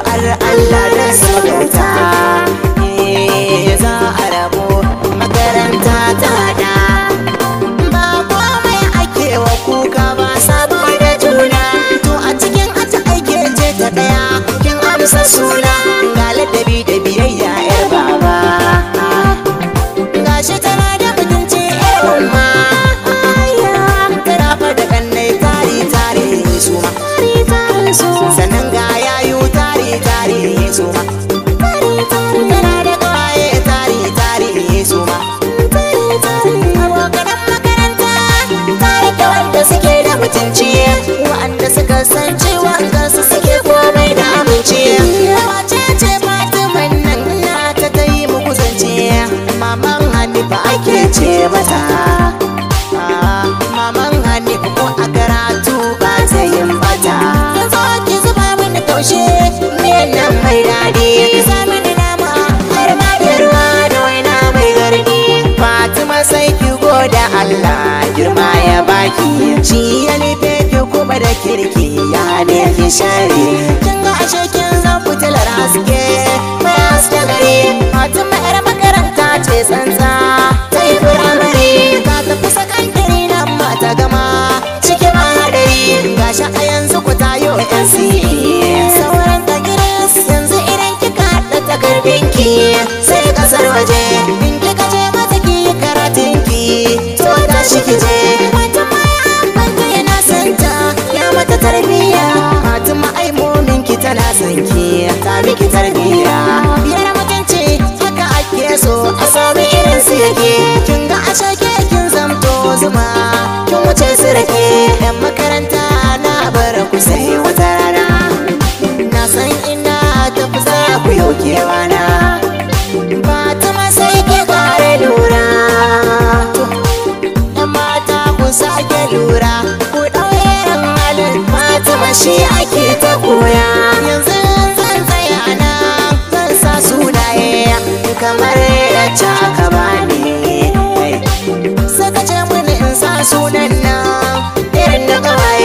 addu'ar Allah da sauta ce mata maman ko a karatu ba ta yin bata zo ki zuba mini taushe miyan nan mai daɗi ki sa mini nama har ma da ruwa da waina mai garni fatima sai ki goda allah girma ya baki shi ya nufe ki kuma da kirki ya ne ki share kin ga ashe kin zan fitilar haske ki sai kasar waje inda ka je ba ki karatun ki to da shi ki je yana santa ya mata tarbiyya Fatima ai mumin ki tana san ki ta miki tarbiyya biyar mutunci haka ake so a sami irin su yake kin ga a shake kin zamto zuma kin wuce su rake kamar yacce ka bani ka ce mini in sa sunan na irin na kawai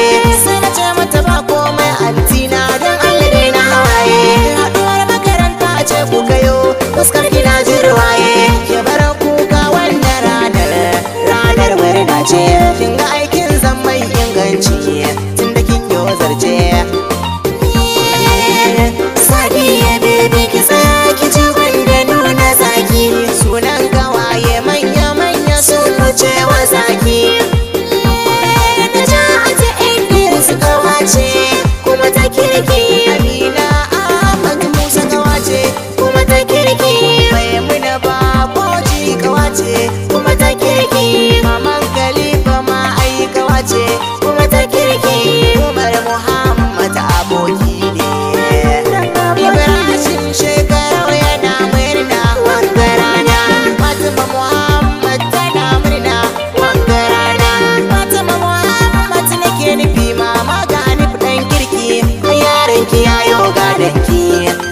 gayo ga danki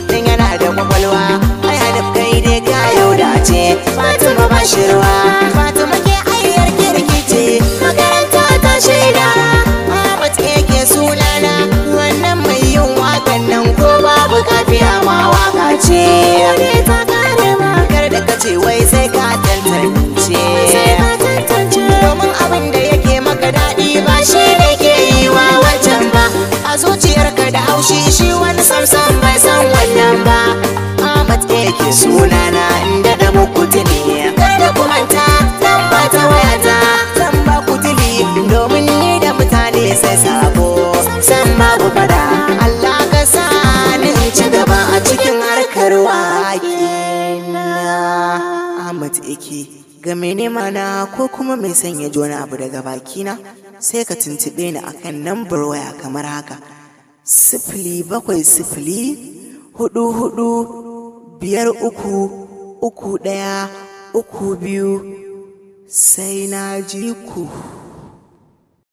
dan yana da kwakwalwa ai hadaf kai dai gayo dace fatima bashirwa fatima ke ayyar kirki ce makaranta ta shaida ahmad ke sunana wannan mai yin wakan nan ko babu kafiya ma waka ce ne ta kare ma kar ka ce wai sai ka tantance domin abin da yake maka daɗi ba shi ne ke yi wa wancan ba a zuciya shi shi wani samsam bai san wannan ba Ahmad yake sunana inda da muku tuni kada ku manta zan ba ta wayata zan ba ku tuni domin ni da mutane sai sabo san babu fada Allah ka sa ni ci gaba a cikin harkar wakina Ahmad yake game ne mana ko kuma mai sanya jona abu daga bakina sai ka tuntube ni akan lambar waya kamar haka sifili bakwai sifili hudu hudu biyar uku uku daya uku biyu sai na ji ku.